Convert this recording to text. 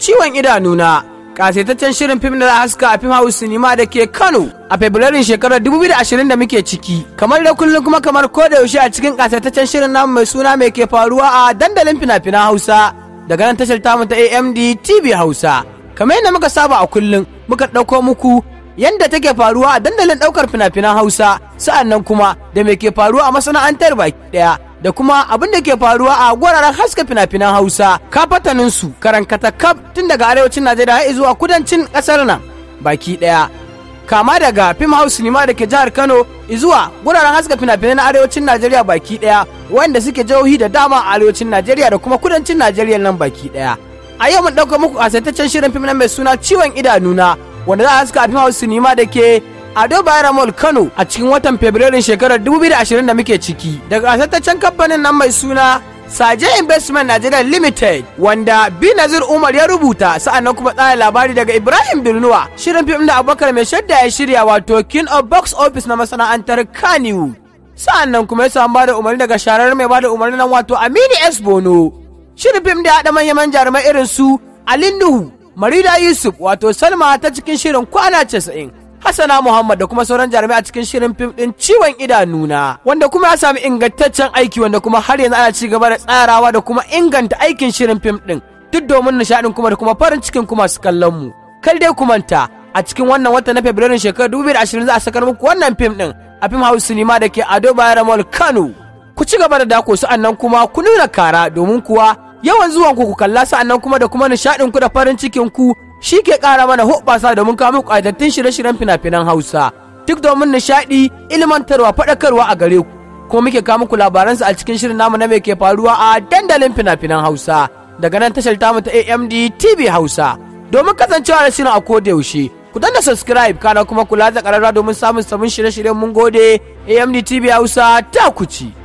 Ciwon idanuna kasetaccen shirin fim na haska a fim house sinima da ke kano a fabrairun shekarar 2020 da muke ciki kamar da kullum kuma kamar ko da yaushe a cikin kasetaccen shirin namu mai suna mai ke faruwa a dandalin fina-finan hausa daga nan tashar tamu ta amd tv hausa kamar yadda muka saba a kullum muka ɗauko muku yadda take faruwa a dandalin ɗaukar fina-finan hausa sa'an nan kuma da mai ke faruwa a masana'antar baki ɗaya da kuma abin da ke faruwa a guraren haska fina-finan Hausa kafatanin su karankata kaf tun daga arewacin Najeriya har zuwa kudancin kasar nan baki daya kama daga Film House Cinema da ke jihar Kano zuwa guraren haska fina-finai na arewacin Najeriya baki daya wanda suke jihohi da dama a arewacin Najeriya da kuma kudancin Najeriya nan baki daya a yau mun dauka muku asaitaccen shirin fim na mai suna ciwon idanuna wanda za a haska a Film House Cinema da ke Ado Mall Kano a cikin watan Fabrairun shekarar 2020 da muke ciki daga asataccen kamfanin nan mai suna Saje Investment Nigeria Limited wanda binazir Umar ya rubuta sa'annan kuma tsara labari daga Ibrahim Birnuwa shirin fim da Abubakar mai shadda ya shirya wato King of Box Office na masana'antar Kaniwu sa'annan kuma ya samu ba da umarni daga sharar mai ba da umarni nan wato Aminu S Bono shirin fim da ya haɗa manyan jarumai irin su Ali Nuhu Marida Yusuf wato Salma ta cikin shirin kwana casa'in. Hassana Muhammad da kuma sauran jarumai a cikin shirin fim din ciwon idanuna na wanda kuma ya sami ingantaccen aiki wanda kuma har yanzu ana ci gaba da tsarawa da kuma inganta aikin shirin fim din duk domin nishaɗin kuma da kuma farin cikin kuma su kallon mu kai dai ku manta a cikin wannan wata na Fabrairu shekarar 2020 za a sakar muku wannan fim din a fim house cinema da ke Ado Bayero Mall Kano ku ci gaba da dako annan kuma ku nuna kara domin kuwa yawan zuwan ku ku kalla annan kuma da kuma nishadin ku da farin cikin ku shi ke ƙara mana hoɓɓasa da mun kamo ƙwadattun shirye-shiryen fina-finan Hausa. Duk domin nishaɗi, ilmantarwa, faɗakarwa a gare ku. Kuma muke kawo muku labaransu a cikin shirin namu na me ke faruwa a dandalin fina-finan Hausa. Daga nan tashar tamu ta AMD TV Hausa. Domin kasancewa da shirin a koda yaushe. Ku danna subscribe kana kuma kula da ƙararra domin samun sabon shirye-shiryen mun gode AMD TV Hausa ta ku ci.